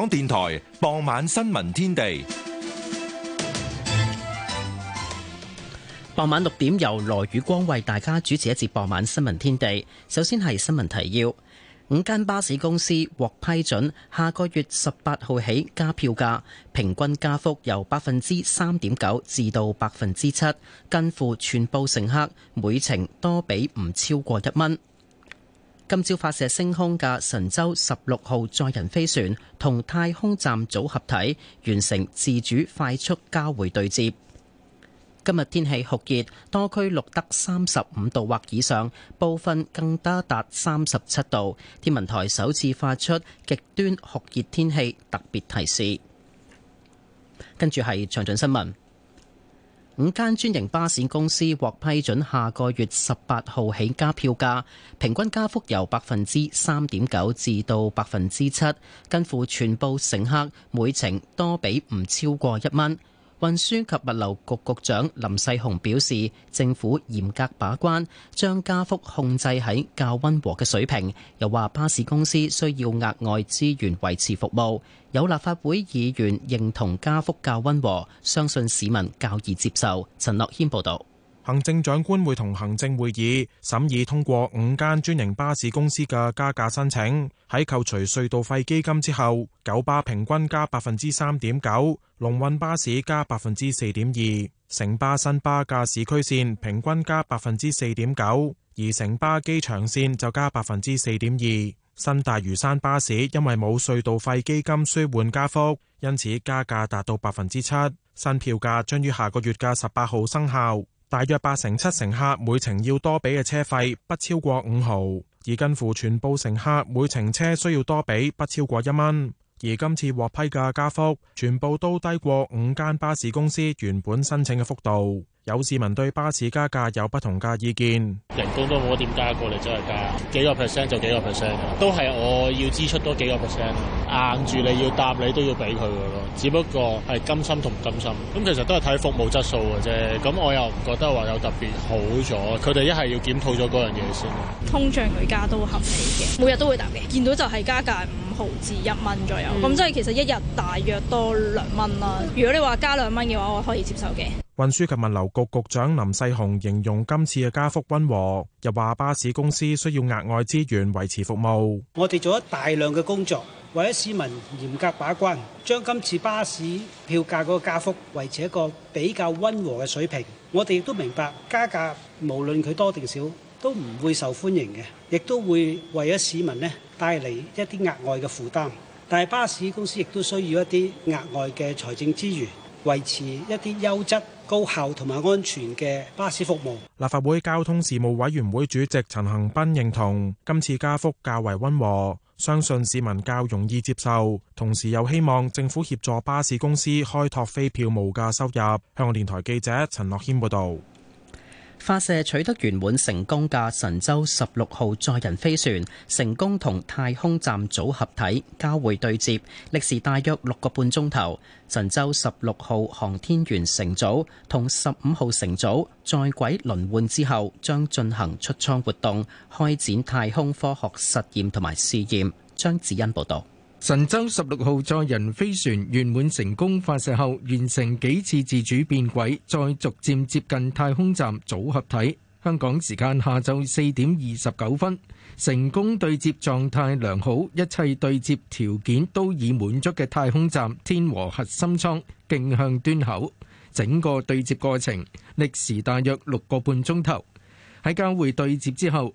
港電台傍晚新聞天地，傍晚六點由羅宇光為大家主持一節傍晚新聞天地。首先係新聞提要：五間巴士公司獲批准，下個月十八號起加票價，平均加幅由百分之三點九至到百分之七，近乎全部乘客每程多俾唔超過一蚊。今朝發射升空嘅神舟十六號載人飛船同太空站組合體完成自主快速交會對接。今日天氣酷熱，多區錄得三十五度或以上，部分更加達三十七度。天文台首次發出極端酷熱天氣特別提示。跟住係詳盡新聞。五間專營巴士公司獲批准下個月十八號起加票價，平均加幅由百分之三點九至到百分之七，近乎全部乘客每程多俾唔超過一蚊。運輸及物流局局長林世雄表示，政府嚴格把關，將加幅控制喺較溫和嘅水平。又話巴士公司需要額外資源維持服務。有立法會議員認同加幅較溫和，相信市民較易接受。陳樂軒報導。行政長官會同行政會議審議通過五間專營巴士公司嘅加價申請。喺扣除隧道費基金之後，九巴平均加百分之三點九，龍運巴士加百分之四點二，城巴、新巴架市區線平均加百分之四點九，而城巴機場線就加百分之四點二。新大嶼山巴士因為冇隧道費基金舒緩加幅，因此加價達到百分之七。新票價將於下個月嘅十八號生效。大約八成七乘客每程要多俾嘅車費不超過五毫，而近乎全部乘客每程車需要多俾不超過一蚊，而今次獲批嘅加幅全部都低過五間巴士公司原本申請嘅幅度。有市民對巴士加價有不同嘅意見，人工都冇點加過嚟，真係加幾個 percent 就幾個 percent，都係我要支出多幾個 percent，硬住你要答你都要俾佢嘅咯。只不過係甘心同唔甘心咁，其實都係睇服務質素嘅啫。咁我又唔覺得話有特別好咗，佢哋一係要檢討咗嗰樣嘢先。通脹佢加都合理嘅，每日都會答嘅，見到就係加價五毫至一蚊左右，咁即係其實一日大約多兩蚊啦。如果你話加兩蚊嘅話，我可以接受嘅。運輸及物流局局長林世雄形容今次嘅加幅溫和，又話巴士公司需要額外資源維持服務。我哋做咗大量嘅工作，為咗市民嚴格把關，將今次巴士票價嗰個加幅維持一個比較溫和嘅水平。我哋亦都明白加價無論佢多定少都唔會受歡迎嘅，亦都會為咗市民呢帶嚟一啲額外嘅負擔。但係巴士公司亦都需要一啲額外嘅財政資源。維持一啲優質、高效同埋安全嘅巴士服務。立法會交通事務委員會主席陳恒斌認同今次加幅較為溫和，相信市民較容易接受，同時又希望政府協助巴士公司開拓非票無價收入。香港電台記者陳樂軒報導。發射取得圓滿成功嘅神舟十六號載人飛船，成功同太空站組合體交會對接，歷時大約六個半鐘頭。神舟十六號航天員乘組同十五號乘組在軌輪換之後，將進行出艙活動，開展太空科學實驗同埋試驗。張子欣報道。神舟十六號載人飛船圓滿成功發射後，完成幾次自主變軌，再逐漸接近太空站組合體。香港時間下晝四點二十九分，成功對接狀態良好，一切對接條件都已滿足嘅太空站天和核心艙徑向端口。整個對接過程歷時大約六個半鐘頭。喺交會對接之後。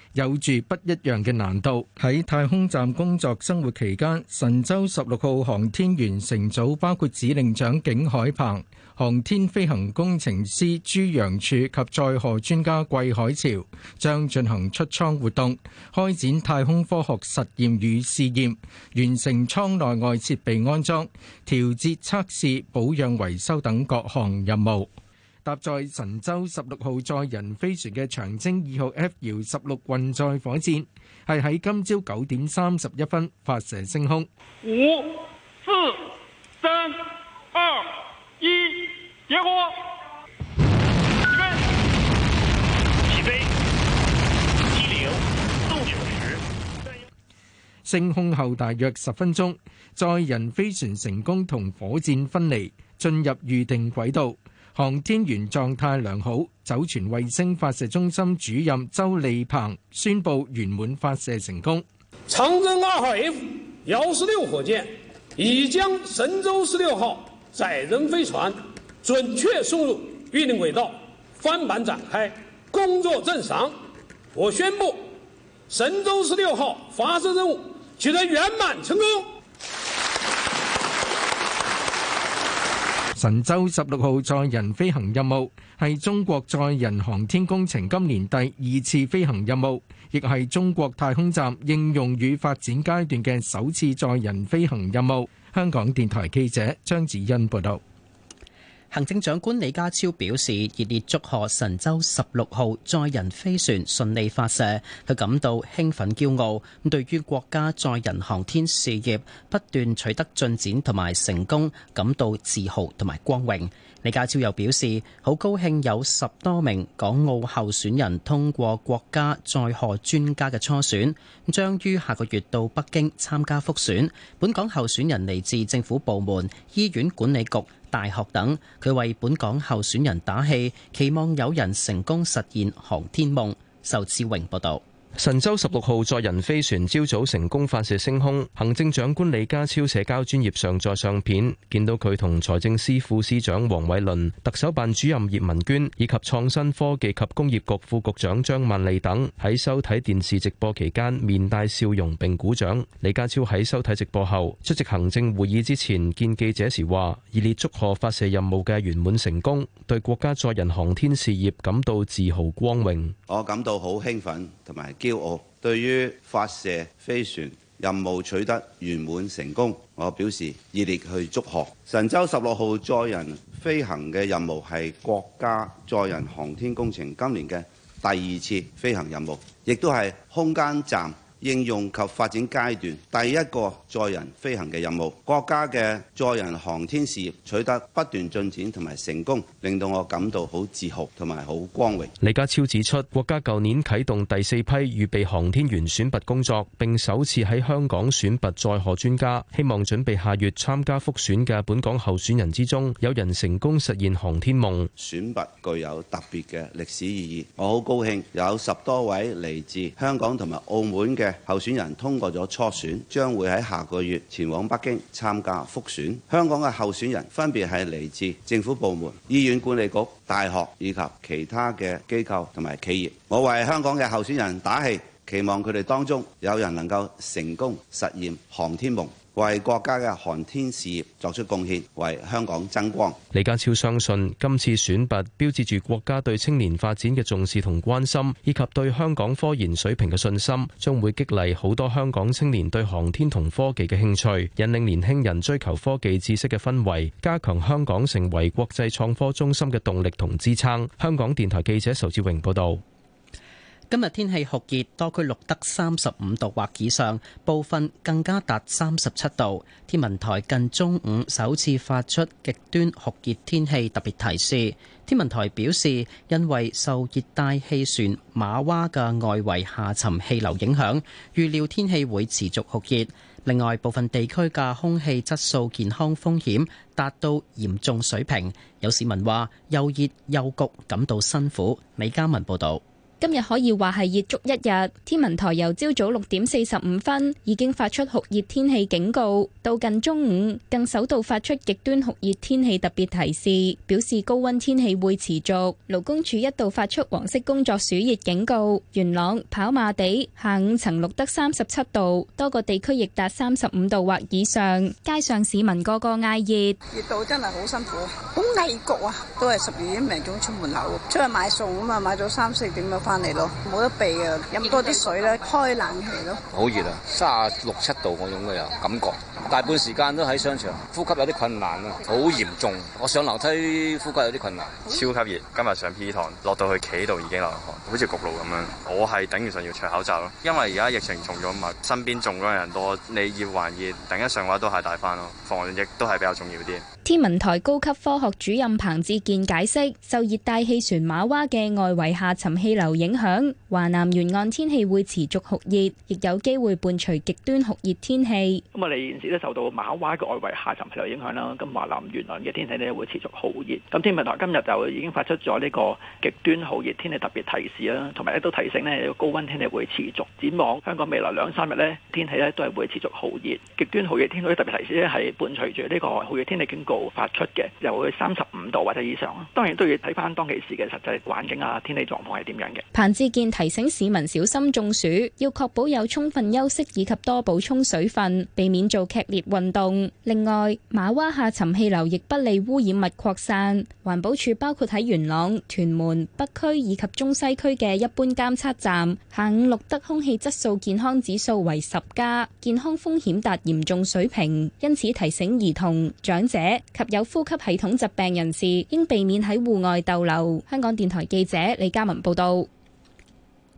有住不一樣嘅難度。喺太空站工作生活期間，神舟十六號航天員乘組包括指令長景海鵬、航天飛行工程師朱楊柱及載荷專家桂海潮，將進行出艙活動，開展太空科學實驗與試驗，完成艙內外設備安裝、調節、測試、保養、維修等各項任務。搭載神舟十六號載人飛船嘅長征二號 F 遙十六運載火箭係喺今朝九點三十一分發射升空，五、四、三、二、一，點火起飛，一零六九十，升空後大約十分鐘，載人飛船成功同火箭分離，進入預定軌道。航天員狀態良好，酒泉衛星發射中心主任周利鵬宣布圓滿發射成功。長征二號 F- 幺十六火箭已將神舟十六號載人飛船準確送入預定軌道，帆板展開，工作正常，我宣布神舟十六號發射任務取得圓滿成功。神舟十六號載人飛行任務係中國載人航天工程今年第二次飛行任務，亦係中國太空站應用與發展階段嘅首次載人飛行任務。香港電台記者張子欣報道。行政長官李家超表示熱烈祝賀神舟十六號載人飛船順利發射，佢感到興奮驕傲，咁對於國家載人航天事業不斷取得進展同埋成功，感到自豪同埋光榮。李家超又表示，好高興有十多名港澳候選人通過國家載荷專家嘅初選，將於下個月到北京參加複選。本港候選人嚟自政府部門、醫院管理局、大學等。佢為本港候選人打氣，期望有人成功實現航天夢，仇志榮報道。神舟十六號載人飛船朝早成功發射升空，行政長官李家超社交專頁上載相片，見到佢同財政司副司長黃偉綸、特首辦主任葉文娟以及創新科技及工業局副局長張曼莉等喺收睇電視直播期間面帶笑容並鼓掌。李家超喺收睇直播後出席行政會議之前見記者時話：熱烈祝賀發射任務嘅圓滿成功，對國家載人航天事業感到自豪光榮。我感到好興奮，同埋。驕傲，對於發射飛船任務取得圓滿成功，我表示熱烈去祝賀。神舟十六號載人飛行嘅任務係國家載人航天工程今年嘅第二次飛行任務，亦都係空間站應用及發展階段，第一個載人飛行嘅任務，國家嘅載人航天事業取得不斷進展同埋成功，令到我感到好自豪同埋好光榮。李家超指出，國家舊年啟動第四批預備航天員選拔工作，並首次喺香港選拔載荷專家。希望準備下月參加復選嘅本港候選人之中，有人成功實現航天夢。選拔具有特別嘅歷史意義，我好高興有十多位嚟自香港同埋澳門嘅。候選人通過咗初選，將會喺下個月前往北京參加復選。香港嘅候選人分別係嚟自政府部門、醫院管理局、大學以及其他嘅機構同埋企業。我為香港嘅候選人打氣，期望佢哋當中有人能夠成功實現航天夢，為國家嘅航天事業作出貢獻，為香港爭光。李家超相信，今次選拔標誌住國家對青年發展嘅重視同關心，以及對香港科研水平嘅信心，將會激勵好多香港青年對航天同科技嘅興趣，引領年輕人追求科技知識嘅氛圍，加強香港成為國際創科中心嘅動力同支撐。香港電台記者仇志榮報道。今日天氣酷熱，多區錄得三十五度或以上，部分更加達三十七度。天文台近中午首次發出極端酷熱天氣特別提示。天文台表示，因為受熱帶氣旋馬娃嘅外圍下沉氣流影響，預料天氣會持續酷熱。另外，部分地區嘅空氣質素健康風險達到嚴重水平。有市民話又熱又焗，感到辛苦。美加文報導。今日可以話係熱足一日，天文台由朝早六點四十五分已經發出酷熱天氣警告，到近中午更首度發出極端酷熱天氣特別提示，表示高溫天氣會持續。勞工處一度發出黃色工作暑熱警告，元朗、跑馬地下午曾錄得三十七度，多個地區亦達三十五度或以上，街上市民個個嗌熱。熱到真係好辛苦，好危局啊！都係十二點零鐘出門口，出去買餸啊嘛，買咗三四點咪返翻嚟咯，冇得避啊！飲多啲水咧，開冷氣咯。好熱啊，三十六七度嗰種嘅感覺，大半時間都喺商場，呼吸有啲困難啊，好嚴重。我上樓梯呼吸有啲困難。超級熱，今日上 P 堂落到去企度已經流汗，好似焗爐咁樣。我係頂住上要著口罩咯，因為而家疫情重咗嘛，身邊中咗人多，你熱還熱，頂得上嘅話都係帶翻咯，防疫都係比較重要啲。天文台高級科學主任彭志健解釋，受熱帶氣旋瑪娃嘅外圍下沉氣流。影響華南沿岸天氣會持續酷熱，亦有機會伴隨極端酷熱天氣。咁啊、嗯，我哋現時都受到馬娃嘅外圍下沉氣流影響啦。咁華南沿岸嘅天氣咧會持續酷熱。咁天文台今日就已經發出咗呢個極端酷熱天氣特別提示啦，同埋咧都提醒咧高溫天氣會持續展望。香港未來兩三日呢天氣咧都係會持續酷熱，極端酷熱天氣特別提示咧係伴隨住呢個酷熱天氣警告發出嘅，又會三十五度或者以上。當然都要睇翻當其時嘅實際環境啊，天氣狀況係點樣嘅。彭志健提醒市民小心中暑，要確保有充分休息以及多補充水分，避免做劇烈運動。另外，馬窩下沉氣流亦不利污染物擴散。環保署包括喺元朗、屯門北區以及中西區嘅一般監測站，下午錄得空氣質素健康指數為十加，健康風險達嚴重水平。因此提醒兒童、長者及有呼吸系統疾病人士應避免喺戶外逗留。香港電台記者李嘉文報道。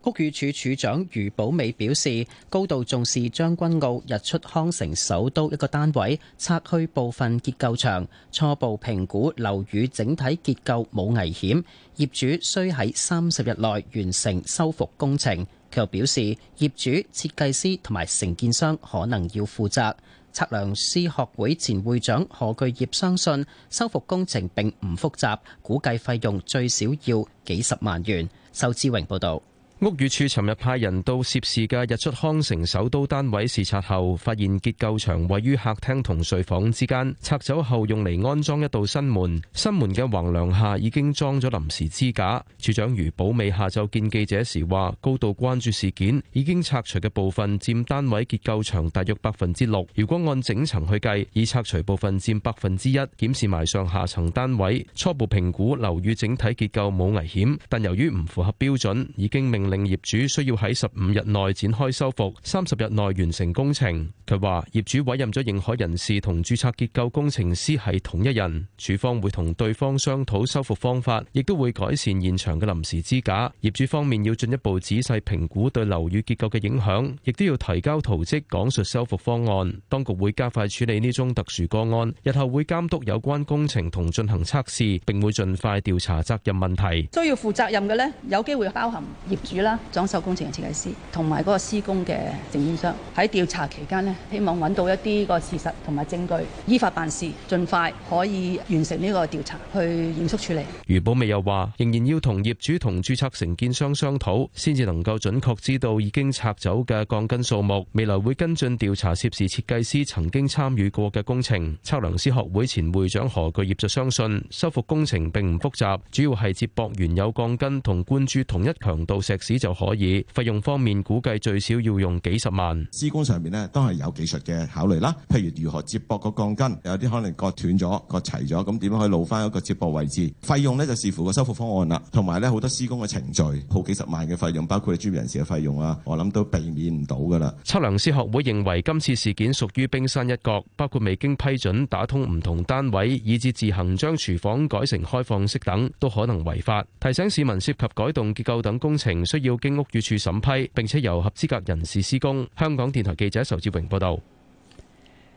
屋宇署署長余寶美表示，高度重視將軍澳日出康城首都一個單位拆去部分結構牆，初步評估樓宇整體結構冇危險。業主需喺三十日內完成修復工程。佢又表示，業主、設計師同埋承建商可能要負責。測量師學會前會長何巨業相信，修復工程並唔複雜，估計費用最少要幾十萬元。仇志榮報道。屋宇署尋日派人到涉事嘅日出康城首都單位視察後，發現結構牆位於客廳同睡房之間，拆走後用嚟安裝一道新門。新門嘅橫梁下已經裝咗臨時支架。署長余寶美下晝見記者時話：高度關注事件，已經拆除嘅部分佔單位結構牆大約百分之六，如果按整層去計，已拆除部分佔百分之一。檢視埋上下層單位，初步評估樓宇整體結構冇危險，但由於唔符合標準，已經命。令業主需要喺十五日內展開修復，三十日內完成工程。佢話業主委任咗認可人士同註冊結構工程師係同一人，署方會同對方商討修復方法，亦都會改善現場嘅臨時支架。業主方面要進一步仔細評估對樓宇結構嘅影響，亦都要提交圖紙講述修復方案。當局會加快處理呢宗特殊個案，日後會監督有關工程同進行測試，並會盡快調查責任問題。需要負責任嘅呢，有機會包含業主。啦，裝修工程嘅設計師同埋嗰個施工嘅承建商喺調查期間呢，希望揾到一啲個事實同埋證據，依法辦事，盡快可以完成呢個調查，去嚴肅處理。余寶美又話：仍然要同業主同註冊承建商商討，先至能夠準確知道已經拆走嘅鋼筋數目。未來會跟進調查涉事設計師曾經參與過嘅工程。測量師學會前會長何巨業就相信，修復工程並唔複雜，主要係接駁原有鋼筋同灌注同一強度石。史就可以，費用方面估計最少要用幾十萬。施工上面呢，都係有技術嘅考慮啦，譬如如何接駁個鋼筋，有啲可能割斷咗、割齊咗，咁點樣可以露翻一個接駁位置？費用呢，就視乎個修復方案啦，同埋呢，好多施工嘅程序，好幾十萬嘅費用，包括專業人士嘅費用啊，我諗都避免唔到噶啦。測量師學會認為今次事件屬於冰山一角，包括未經批准打通唔同單位，以至自行將廚房改成開放式等，都可能違法。提醒市民涉及改動結構等工程。需要經屋宇署審批，並且由合資格人士施工。香港電台記者仇志榮報道。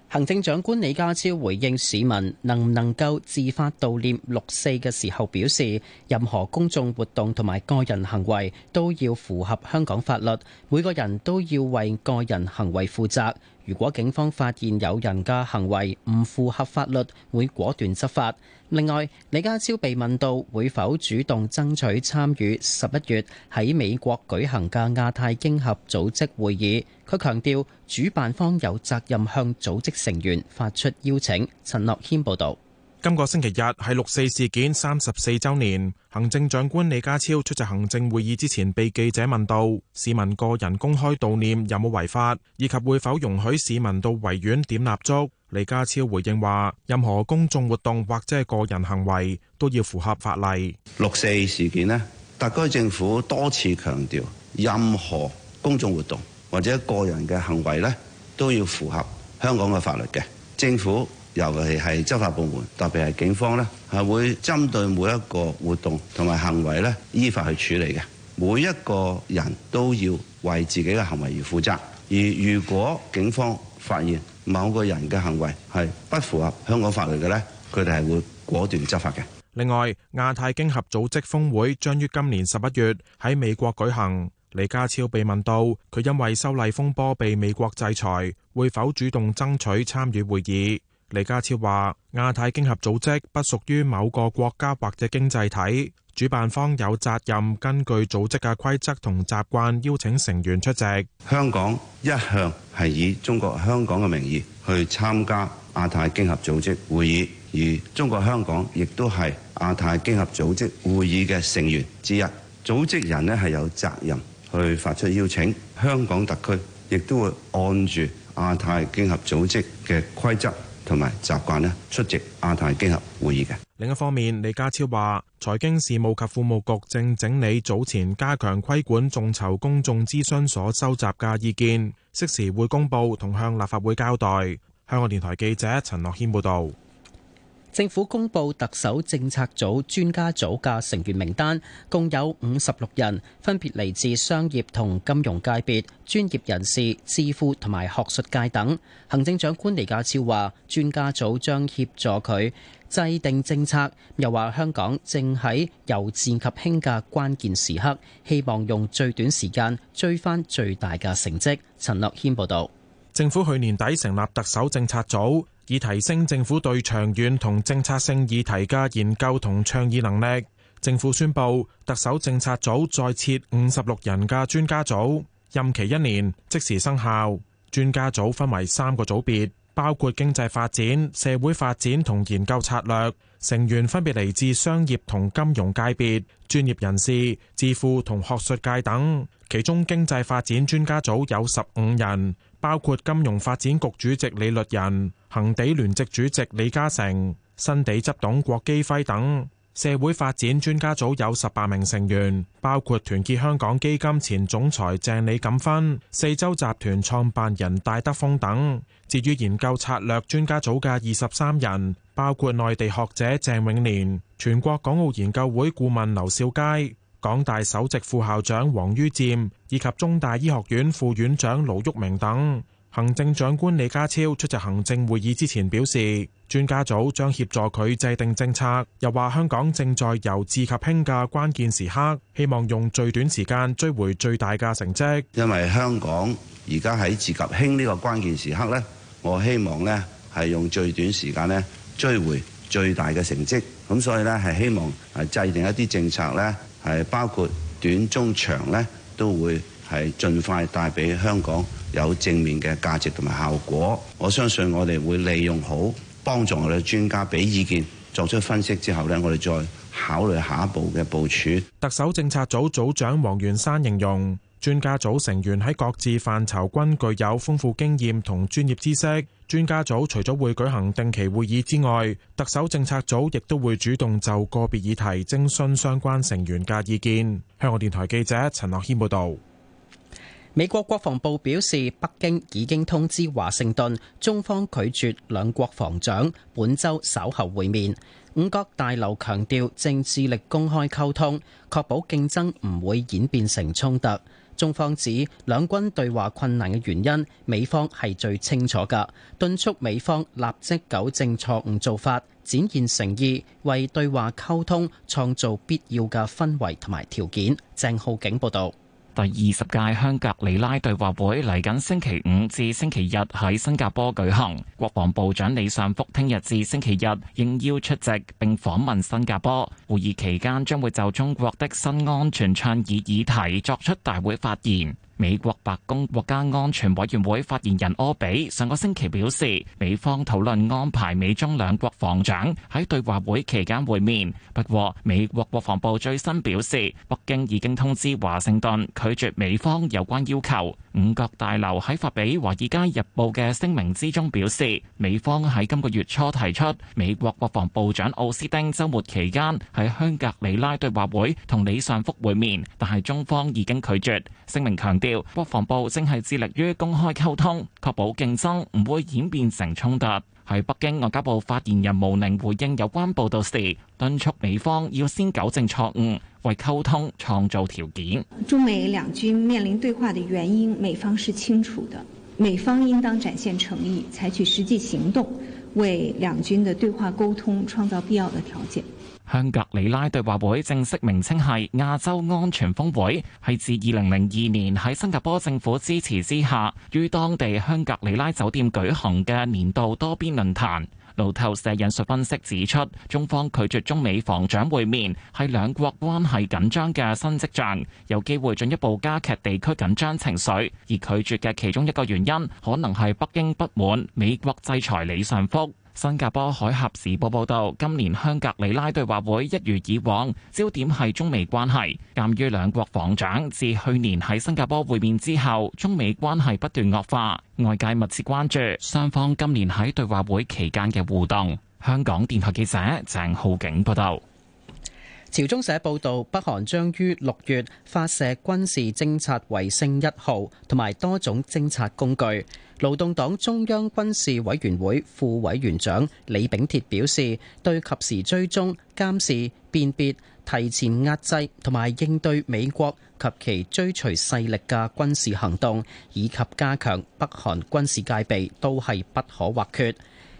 行政長官李家超回應市民能唔能夠自發悼念六四嘅時候，表示任何公眾活動同埋個人行為都要符合香港法律，每個人都要為個人行為負責。如果警方發現有人嘅行為唔符合法律，會果斷執法。另外，李家超被問到會否主動爭取參與十一月喺美國舉行嘅亞太經合組織會議，佢強調主辦方有責任向組織成員發出邀請。陳樂軒報導。今個星期日係六四事件三十四周年，行政長官李家超出席行政會議之前，被記者問到市民個人公開悼念有冇違法，以及會否容許市民到維園點蠟燭？李家超回應話：任何公眾活動或者係個人行為都要符合法例。六四事件呢，特區政府多次強調，任何公眾活動或者個人嘅行為呢，都要符合香港嘅法律嘅。政府尤其係執法部門，特別係警方咧，係會針對每一個活動同埋行為咧，依法去處理嘅。每一個人都要為自己嘅行為而負責。而如果警方發現某個人嘅行為係不符合香港法律嘅，呢佢哋係會果斷執法嘅。另外，亞太經合組織峰會將於今年十一月喺美國舉行。李家超被問到，佢因為修例風波被美國制裁，會否主動爭取參與會議？李家超話：亞太經合組織不屬於某個國家或者經濟體，主辦方有責任根據組織嘅規則同習慣邀請成員出席。香港一向係以中國香港嘅名義去參加亞太經合組織會議，而中國香港亦都係亞太經合組織會議嘅成員之一。組織人呢係有責任去發出邀請，香港特區亦都會按住亞太經合組織嘅規則。同埋習慣咧出席亞太經合會議嘅。另一方面，李家超話：財經事務及庫務局正整理早前加強規管眾籌公眾諮詢所收集嘅意見，適時會公佈同向立法會交代。香港電台記者陳樂軒報導。政府公布特首政策組專家組嘅成員名單，共有五十六人，分別嚟自商業同金融界別、專業人士、智庫同埋學術界等。行政長官李家超話，專家組將協助佢制定政策，又話香港正喺由治及興嘅關鍵時刻，希望用最短時間追翻最大嘅成績。陳樂謙報道，政府去年底成立特首政策組。以提升政府對長遠同政策性議題嘅研究同倡議能力。政府宣布，特首政策組再設五十六人嘅專家組，任期一年，即時生效。專家組分為三個組別，包括經濟發展、社會發展同研究策略，成員分別嚟自商業同金融界別、專業人士、智庫同學術界等。其中，經濟發展專家組有十五人。包括金融發展局主席李律仁、恒地聯席主席李嘉誠、新地執董郭基輝等。社會發展專家組有十八名成員，包括團結香港基金前總裁鄭李錦芬、四洲集團創辦人戴德豐等。至於研究策略專家組嘅二十三人，包括內地學者鄭永年、全國港澳研究會顧問劉兆佳。港大首席副校長王于漸、以及中大醫學院副院長盧煜明等。行政長官李家超出席行政會議之前表示，專家組將協助佢制定政策。又話香港正在由治及興嘅關鍵時刻，希望用最短時間追回最大嘅成績。因為香港而家喺治及興呢個關鍵時刻呢，我希望呢係用最短時間呢追回最大嘅成績，咁所以呢，係希望係制定一啲政策呢。係包括短、中、長咧，都會係盡快帶俾香港有正面嘅價值同埋效果。我相信我哋會利用好，幫助我哋專家俾意見，作出分析之後咧，我哋再考慮下一步嘅部署。特首政策組組組長黃元山形容。專家組成員喺各自範疇均具有豐富經驗同專業知識。專家組除咗會舉行定期會議之外，特首政策組亦都會主動就個別議題徵詢相關成員嘅意見。香港電台記者陳諾謙報導。美國國防部表示，北京已經通知華盛頓，中方拒絕兩國防長本周稍後會面。五角大樓強調正致力公開溝通，確保競爭唔會演變成衝突。中方指，兩軍對話困難嘅原因，美方係最清楚噶敦促美方立即糾正錯誤做法，展現誠意，為對話溝通創造必要嘅氛圍同埋條件。鄭浩景報道。第二十屆香格里拉對話會嚟緊星期五至星期日喺新加坡舉行。國防部長李尚福聽日至星期日應邀出席，並訪問新加坡。會議期間將會就中國的新安全倡議議題作出大會發言。美國白宮國家安全委員會發言人柯比上個星期表示，美方討論安排美中兩國防長喺對話會期間會面。不過美國國防部最新表示，北京已經通知華盛頓拒絕美方有關要求。五角大樓喺發俾《華爾街日報》嘅聲明之中表示，美方喺今個月初提出美國國防部長奧斯丁周末期間喺香格里拉對話會同李尚福會面，但係中方已經拒絕。聲明強調，國防部正係致力於公開溝通，確保競爭唔會演變成衝突。喺北京外交部發言人毛寧回應有關報導時，敦促美方要先糾正錯誤，為溝通創造條件。中美兩軍面臨對話的原因，美方是清楚的。美方應當展現誠意，採取實際行動，為兩軍嘅對話溝通創造必要的條件。香格里拉對話會正式名稱係亞洲安全峰會，係自二零零二年喺新加坡政府支持之下，於當地香格里拉酒店舉行嘅年度多邊論壇。路透社引述分析指出，中方拒絕中美防長會面係兩國關係緊張嘅新跡象，有機會進一步加劇地區緊張情緒。而拒絕嘅其中一個原因，可能係北京不滿美國制裁李尚福。新加坡《海峽時報》報道，今年香格里拉對話會一如以往，焦點係中美關係。鑒於兩國防長自去年喺新加坡會面之後，中美關係不斷惡化，外界密切關注雙方今年喺對話會期間嘅互動。香港電台記者鄭浩景報道。朝中社報道，北韓將於六月發射軍事偵察衛星一號同埋多種偵察工具。勞動黨中央軍事委員會副委員長李炳鐵表示，對及時追蹤、監視、辨別、提前壓制同埋應對美國及其追隨勢力嘅軍事行動，以及加強北韓軍事戒備，都係不可或缺。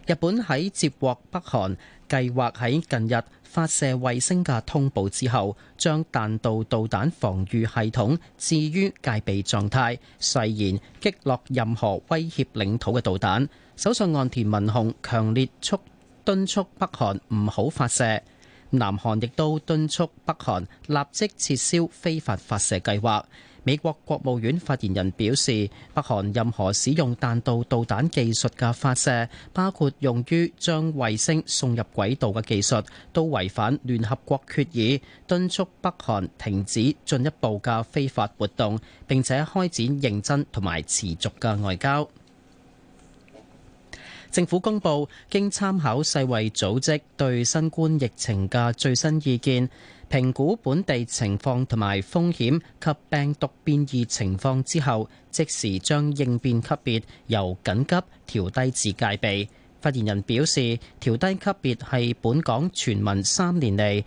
日本喺接獲北韓計劃喺近日發射衛星嘅通報之後，將彈道導彈防禦系統置於戒備狀態，誓言擊落任何威脅領土嘅導彈。首相岸田文雄強烈促敦促北韓唔好發射，南韓亦都敦促北韓立即撤銷非法發射計劃。美國國務院發言人表示，北韓任何使用彈道導彈技術嘅發射，包括用於將衛星送入軌道嘅技術，都違反聯合國決議，敦促北韓停止進一步嘅非法活動，並且開展認真同埋持續嘅外交。政府公布，經參考世衛組織對新冠疫情嘅最新意見，評估本地情況同埋風險及病毒變異情況之後，即時將應變級別由緊急調低至戒備。發言人表示，調低級別係本港全民三年嚟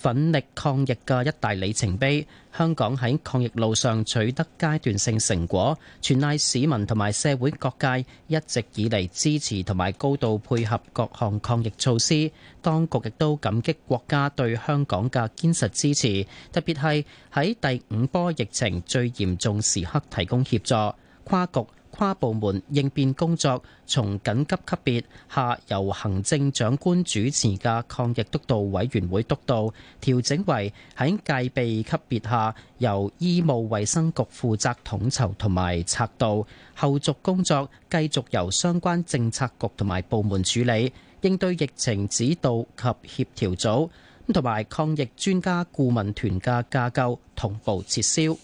奮力抗疫嘅一大里程碑。香港喺抗疫路上取得階段性成果，全賴市民同埋社會各界一直以嚟支持同埋高度配合各項抗疫措施。當局亦都感激國家對香港嘅堅實支持，特別係喺第五波疫情最嚴重時刻提供協助。跨局。跨部門應變工作從緊急級別下由行政長官主持嘅抗疫督導委員會督導，調整為喺戒備級別下由醫務衛生局負責統籌同埋策導，後續工作繼續由相關政策局同埋部門處理。應對疫情指導及協調組同埋抗疫專家顧問團嘅架構同步撤銷。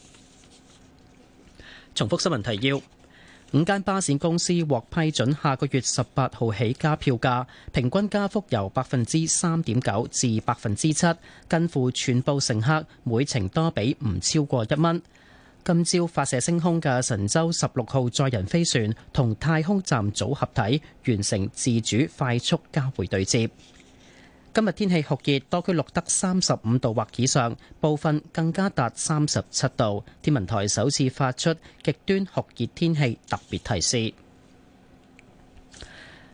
重複新聞提要。五間巴士公司獲批准下個月十八號起加票價，平均加幅由百分之三點九至百分之七，近乎全部乘客每程多俾唔超過一蚊。今朝發射升空嘅神舟十六號載人飛船同太空站組合體完成自主快速交會對接。今日天氣酷熱，多區錄得三十五度或以上，部分更加達三十七度。天文台首次發出極端酷熱天氣特別提示。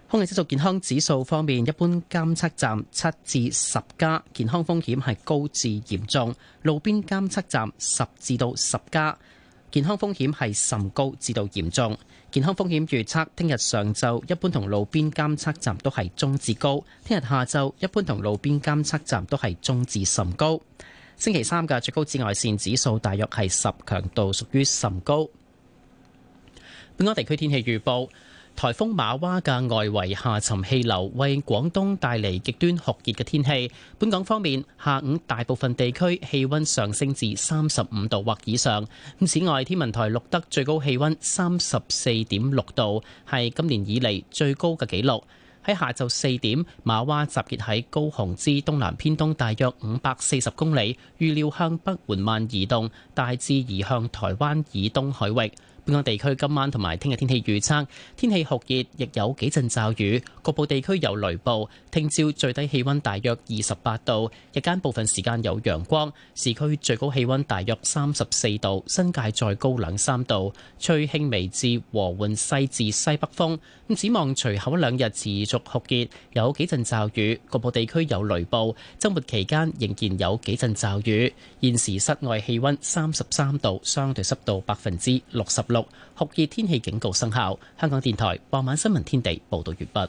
空氣質素健康指數方面，一般監測站七至十加，健康風險係高至嚴重；路邊監測站十至到十加。健康風險係甚高，至到嚴重。健康風險預測，聽日上晝一般同路邊監測站都係中至高。聽日下晝一般同路邊監測站都係中至甚高。星期三嘅最高紫外線指數大約係十，強度屬於甚高。本港地區天氣預報。颱風馬娃嘅外圍下沉氣流為廣東帶嚟極端酷熱嘅天氣。本港方面，下午大部分地區氣溫上升至三十五度或以上。咁此外，天文台錄得最高氣溫三十四點六度，係今年以嚟最高嘅紀錄。喺下晝四點，馬娃集結喺高雄之東南偏東大約五百四十公里，預料向北緩慢移動，大致移向台灣以東海域。本港地區今晚同埋聽日天氣預測，天氣酷熱，亦有幾陣驟雨，局部地區有雷暴。聽朝最低氣溫大約二十八度，日間部分時間有陽光，市區最高氣溫大約三十四度，新界再高兩三度，吹輕微至和緩西至西北風。咁展望，隨後一兩日持續酷熱，有幾陣驟雨，局部地區有雷暴。周末期間仍然有幾陣驟雨。現時室外氣溫三十三度，相對濕度百分之六十。六酷熱天氣警告生效。香港電台傍晚新聞天地報道完畢。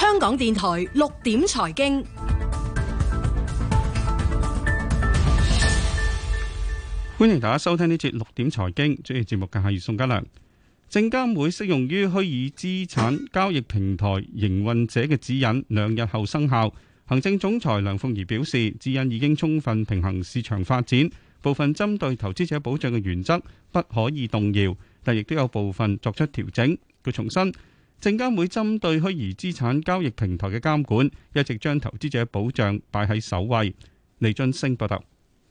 香港電台六點財經，歡迎大家收聽呢節六點財經。主持節目嘅係宋家良。證監會適用於虛擬資產交易平台營運者嘅指引，兩日後生效。行政總裁梁鳳儀表示，指引已經充分平衡市場發展。部分針對投資者保障嘅原則不可以動搖，但係亦都有部分作出調整。佢重申，證監會針對虛擬資產交易平台嘅監管，一直將投資者保障擺喺首位。李俊升報道。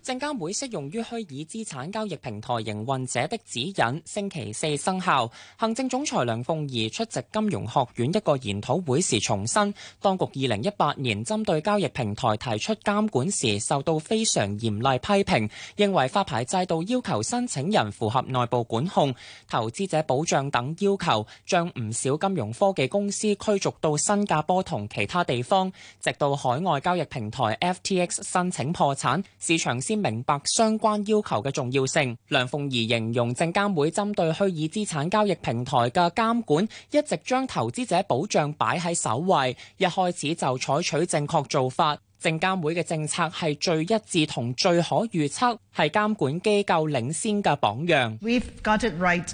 證監會適用於虛擬資產交易平台營運者的指引星期四生效。行政總裁梁鳳儀出席金融學院一個研討會時重申，當局二零一八年針對交易平台提出監管時受到非常嚴厲批評，認為發牌制度要求申請人符合內部管控、投資者保障等要求，將唔少金融科技公司驅逐到新加坡同其他地方，直到海外交易平台 FTX 申請破產，市場先。明白相關要求嘅重要性，梁鳳儀形容證監會針對虛擬資產交易平台嘅監管，一直將投資者保障擺喺首位，一開始就採取正確做法。證監會嘅政策係最一致同最可預測，係監管機構領先嘅榜樣。We've got it right.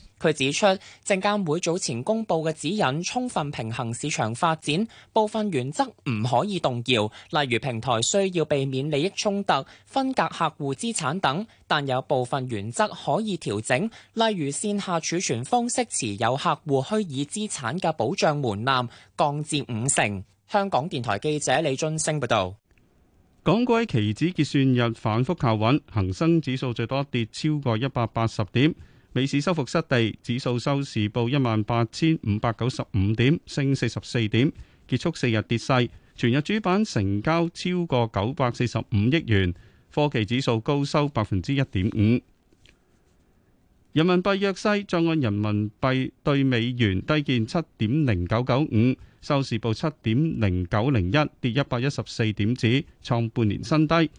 佢指出，證監會早前公布嘅指引充分平衡市場發展，部分原則唔可以動搖，例如平台需要避免利益衝突、分隔客戶資產等。但有部分原則可以調整，例如線下儲存方式持有客戶虛擬資產嘅保障門檻降至五成。香港電台記者李津升報道。港股期指結算日反覆靠穩，恒生指數最多跌超過一百八十點。美市收復失地，指數收市報一萬八千五百九十五點，升四十四點，結束四日跌勢。全日主板成交超過九百四十五億元，科技指數高收百分之一點五。人民幣弱勢，在岸人民幣對美元低見七點零九九五，收市報七點零九零一，跌一百一十四點子，創半年新低。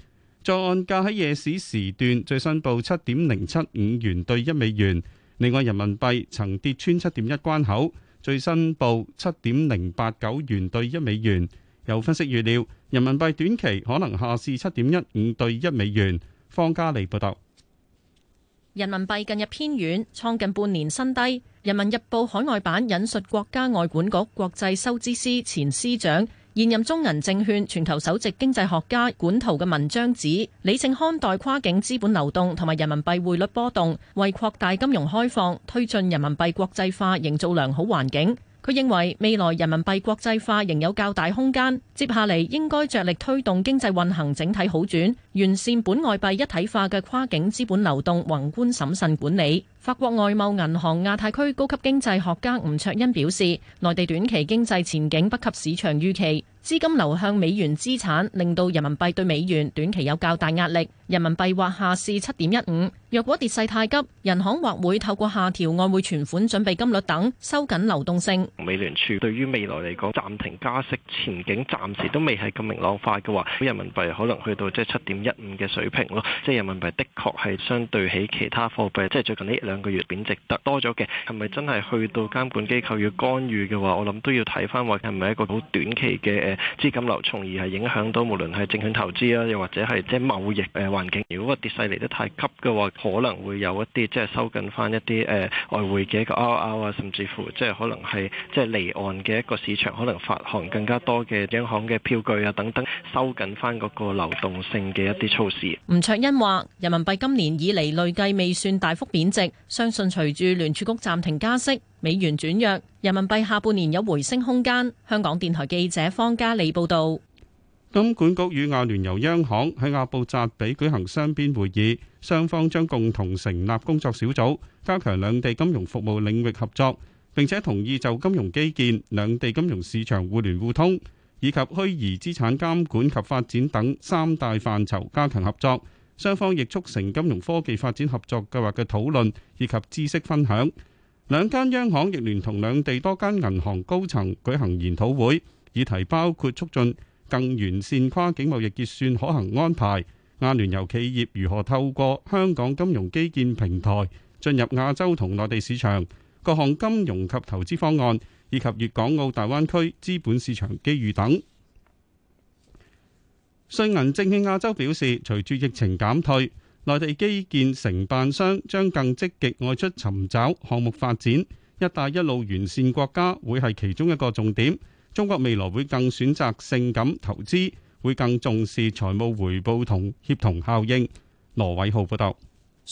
在岸價喺夜市時段最新報七點零七五元對一美元，另外人民幣曾跌穿七點一關口，最新報七點零八九元對一美元。有分析預料，人民幣短期可能下試七點一五對一美元。方家利報道，人民幣近日偏軟，創近半年新低。《人民日報》海外版引述國家外管局國際收支司前司長，現任中銀證券全球首席經濟學家管濤嘅文章指，理性看待跨境資本流動同埋人民幣匯率波動，為擴大金融開放、推進人民幣國際化營造良好環境。佢認為未來人民幣國際化仍有較大空間，接下嚟應該着力推動經濟運行整體好轉，完善本外幣一體化嘅跨境資本流動，宏觀審慎管理。法國外貿銀行亞太區高級經濟學家吳卓恩表示，內地短期經濟前景不及市場預期。資金流向美元資產，令到人民幣對美元短期有較大壓力。人民幣或下市七點一五。若果跌勢太急，人行或會透過下調外匯存款準備金率等收緊流動性。美聯儲對於未來嚟講，暫停加息前景暫時都未係咁明朗化嘅話，人民幣可能去到即係七點一五嘅水平咯。即係人民幣的確係相對起其他貨幣，即係最近呢兩個月貶值得多咗嘅，係咪真係去到監管機構要干預嘅話，我諗都要睇翻話係咪一個好短期嘅資金流從而係影響到無論係證券投資啊，又或者係即係貿易嘅環境。如果個跌勢嚟得太急嘅話，可能會有一啲即係收緊翻一啲誒外匯嘅一個 RRR 啊，甚至乎即係可能係即係離岸嘅一個市場，可能發行更加多嘅央行嘅票據啊等等，收緊翻嗰個流動性嘅一啲措施。吳卓欣話，人民幣今年以嚟累計未算大幅貶值，相信隨住聯儲局暫停加息。美元轉弱，人民幣下半年有回升空間。香港電台記者方嘉莉報道。金管局與阿聯酋央行喺阿布扎比舉行雙邊會議，雙方將共同成立工作小組，加強兩地金融服務領域合作。並且同意就金融基建、兩地金融市場互聯互通以及虛擬資產監管及發展等三大範疇加強合作。雙方亦促成金融科技發展合作計劃嘅討論以及知識分享。兩間央行亦聯同兩地多間銀行高層舉行研討會，議題包括促進更完善跨境貿易結算可行安排、阿聯酋企業如何透過香港金融基建平台進入亞洲同內地市場、各項金融及投資方案以及粵港澳大灣區資本市場機遇等。信銀正興亞洲表示，隨住疫情減退。內地基建承辦商將更積極外出尋找項目發展，一帶一路沿線國家會係其中一個重點。中國未來會更選擇性咁投資，會更重視財務回報同協同效應。羅偉浩報道。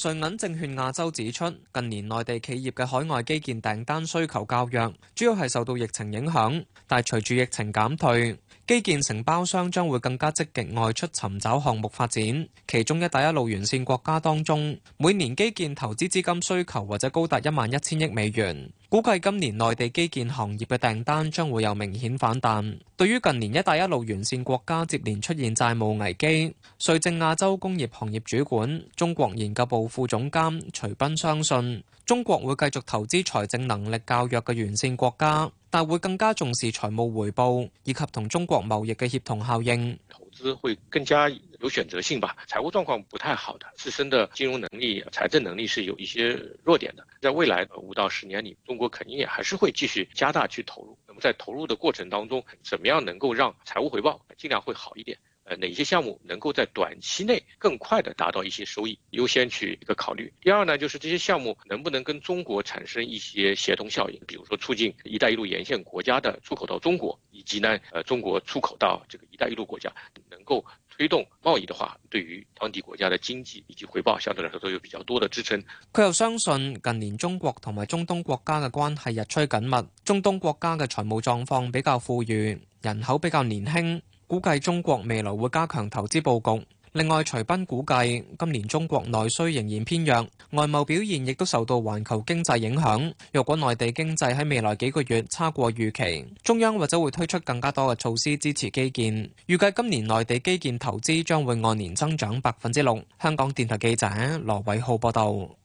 瑞銀證券亞洲指出，近年內地企業嘅海外基建訂單需求較弱，主要係受到疫情影響，但係隨住疫情減退。基建承包商將會更加積極外出尋找項目發展，其中一帶一路沿線國家當中，每年基建投資資金需求或者高達一萬一千億美元。估計今年內地基建行業嘅訂單將會有明顯反彈。對於近年一帶一路沿線國家接連出現債務危機，瑞證亞洲工業行業主管中國研究部副總監徐斌相信，中國會繼續投資財政能力較弱嘅沿線國家。但會更加重視財務回報以及同中國貿易嘅協同效應。投資會更加有選擇性吧，財務狀況不太好的，的自身的金融能力、財政能力是有一些弱點的。在未來五到十年裏，中國肯定也還是會繼續加大去投入。咁在投入嘅過程當中，怎麼樣能夠讓財務回報盡量會好一點？哪些項目能夠在短期內更快地達到一些收益，優先去一個考慮。第二呢，就是這些項目能不能跟中國產生一些協同效應，比如說促進一帶一路沿線國家的出口到中國，以及呢，呃，中國出口到這個一帶一路國家，能夠推動貿易的話，對於當地國家的經濟以及回報，相對來說都有比較多的支撐。佢又相信近年中國同埋中東國家嘅關係日趨緊密，中東國家嘅財務狀況比較富裕，人口比較年輕。估計中國未來會加強投資佈局。另外，徐斌估計今年中國內需仍然偏弱，外貿表現亦都受到環球經濟影響。若果內地經濟喺未來幾個月差過預期，中央或者會推出更加多嘅措施支持基建。預計今年內地基建投資將會按年增長百分之六。香港電台記者羅偉浩報道。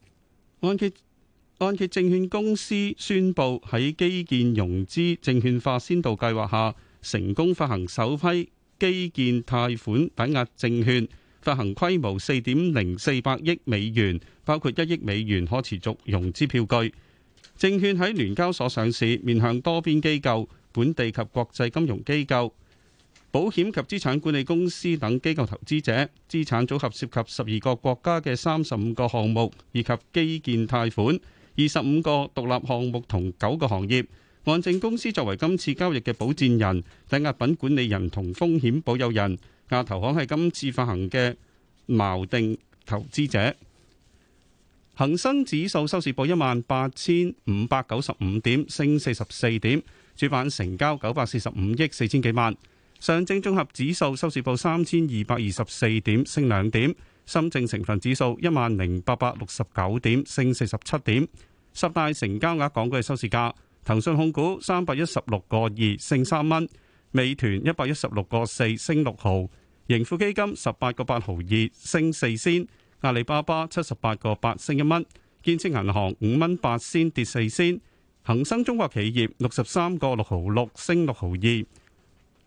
按揭按揭證券公司宣佈喺基建融資證券化先導計劃下，成功發行首批。基建貸款抵押證券發行規模四點零四百億美元，包括一億美元可持續融資票據。證券喺聯交所上市，面向多邊機構、本地及國際金融機構、保險及資產管理公司等機構投資者。資產組合涉及十二個國家嘅三十五個項目，以及基建貸款二十五個獨立項目同九個行業。按證公司作為今次交易嘅保薦人、抵押品管理人同風險保有人，亞投行係今次發行嘅錨定投資者。恒生指數收市報一萬八千五百九十五點，升四十四點；主板成交九百四十五億四千幾萬。上證綜合指數收市報三千二百二十四點，升兩點；深證成分指數一萬零八百六十九點，升四十七點。十大成交額港股嘅收市價。騰訊控股三百一十六個二升三蚊，美團一百一十六個四升六毫，盈富基金十八個八毫二升四仙，阿里巴巴七十八個八升一蚊，建設銀行五蚊八仙跌四仙，恒生中國企業六十三個六毫六升六毫二，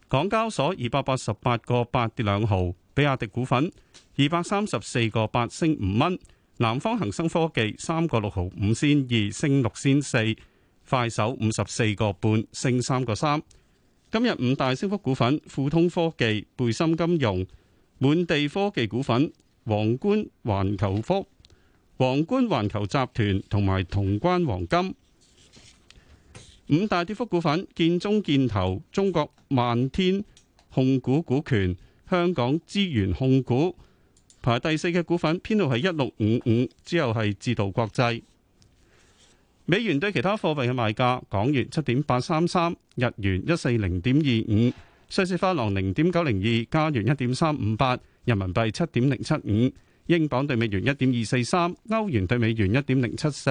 港交所二百八十八個八跌兩毫，比亞迪股份二百三十四個八升五蚊，南方恒生科技三個六毫五仙二升六仙四。快手五十四個半升三個三。今日五大升幅股份：富通科技、貝森金融、滿地科技股份、皇冠環球福、皇冠環球集團同埋潼關黃金。五大跌幅股份：建中建投、中國漫天控股股權、香港資源控股。排第四嘅股份編號係一六五五，55, 之後係智道國際。美元對其他貨幣嘅賣價：港元七點八三三，日元一四零點二五，瑞士法郎零點九零二，加元一點三五八，人民幣七點零七五，英鎊對美元一點二四三，歐元對美元一點零七四，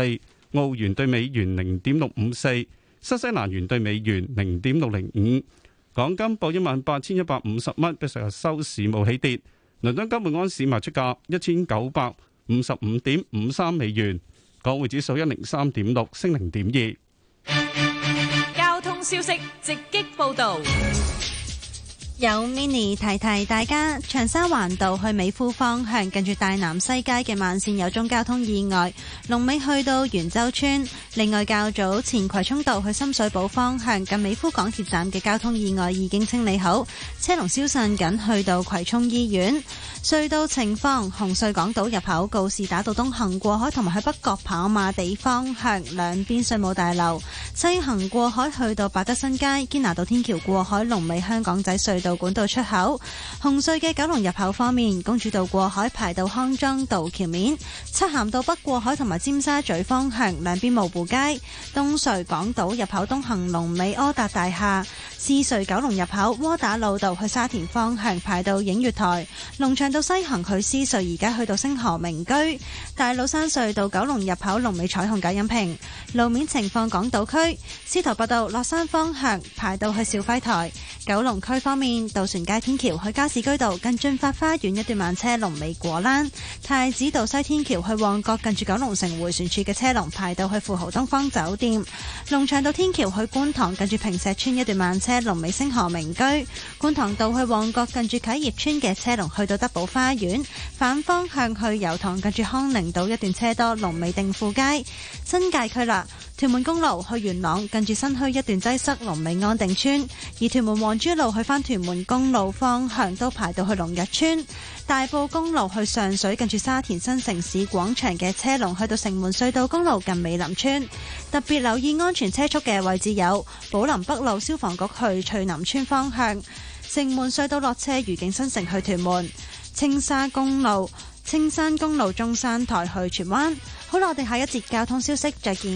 澳元對美元零點六五四，新西蘭元對美元零點六零五。港金報一萬八千一百五十蚊，比上日收市冇起跌。倫敦金每安士賣出價一千九百五十五點五三美元。港匯指數一零三點六，升零點二。交通消息，直擊報道。有 mini 提提大家，長沙環道去美孚方向近住大南西街嘅慢綫有宗交通意外，龍尾去到元洲村。另外較早前葵涌道去深水埗方向近美孚港鐵站嘅交通意外已經清理好，車龍消散緊，去到葵涌醫院隧道情況，紅隧港島入口告士打道東行過海同埋去北角跑馬地方向兩邊稅務大樓西行過海去到百德新街堅拿道天橋過海龍尾香港仔隧道。道管道出口，紅隧嘅九龍入口方面，公主道過海排到康莊道橋面，漆鹹道北過海同埋尖沙咀方向兩邊蕪湖街，東隧港島入，入口東行龍尾柯達大廈，獅隧九龍入口窩打老道去沙田方向排到映月台，龍翔道西行去獅隧而家去到星河名居。大老山隧道九龍入口龍尾彩虹隔音屏路面情況港島區司徒拔道落山方向排到去肇輝臺，九龍區方面渡船街天橋去加士居道近駿發花園一段慢車龍尾果欄，太子道西天橋去旺角近住九龍城回旋處嘅車龍排到去富豪東方酒店，龍翔道天橋去觀塘近住平石村一段慢車龍尾星河名居，觀塘道去旺角近住啟業村嘅車龍去到德寶花園，反方向去油塘近住康寧。到一段車多，龍尾定富街。新界區啦，屯門公路去元朗，近住新墟一段擠塞，龍尾安定村。而屯門黃珠路去返屯門公路方向都排到去龍日村。大埔公路去上水，近住沙田新城市廣場嘅車龍去到城門隧道公路近美林村。特別留意安全車速嘅位置有寶林北路消防局去翠林村方向，城門隧道落車愉景新城去屯門青沙公路。青山公路中山台去荃灣，好啦，我哋下一節交通消息，再見。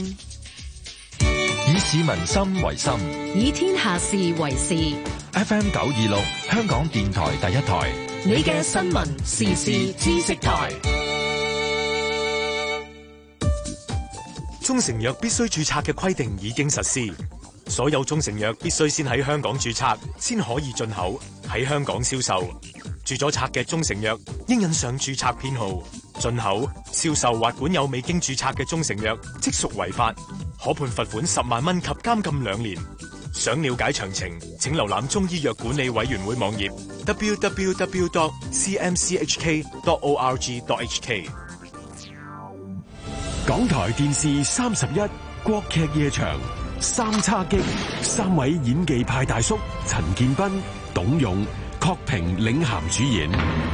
以市民心為心，以天下事為事。FM 九二六，香港電台第一台，你嘅新聞時事知識台。中成藥必須註冊嘅規定已經實施，所有中成藥必須先喺香港註冊，先可以進口喺香港銷售。注咗冊嘅中成藥應印上註冊編號，進口、銷售或管有未經註冊嘅中成藥，即屬違法，可判罰款十萬蚊及監禁兩年。想了解詳情，請瀏覽中醫藥管理委員會網頁：www.cmchk.org.hk。港台電視三十一國劇夜場，三叉戟，三位演技派大叔：陳建斌、董勇。郝平領銜主演，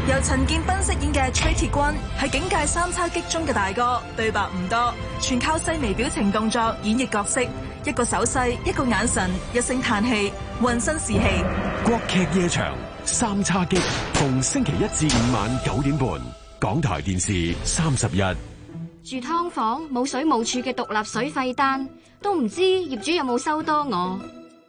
由陳建斌飾演嘅崔鐵軍係警界三叉戟中嘅大哥，對白唔多，全靠細微表情動作演繹角色，一個手勢，一個眼神，一聲嘆氣，渾身士氣。國劇夜場三叉戟，逢星期一至五晚九點半，港台電視三十一。住劏房冇水冇處嘅獨立水費單，都唔知業主有冇收多我？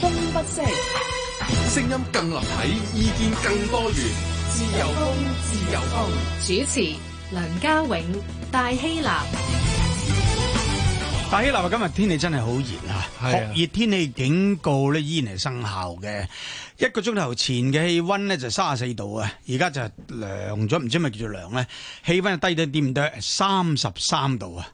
風不息，聲音更立體，意見更多元。自由風，自由風。主持：梁家永，戴希立。戴希立啊，今日天氣真係好熱啊！酷熱天氣警告咧依然係生效嘅。一個鐘頭前嘅氣溫咧就三十四度啊，而家就涼咗，唔知咪叫做涼咧？氣溫低咗點多，三十三度啊！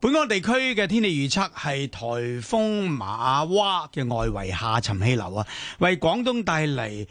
本港地區嘅天氣預測係，台風馬哇嘅外圍下沉氣流啊，為廣東帶嚟。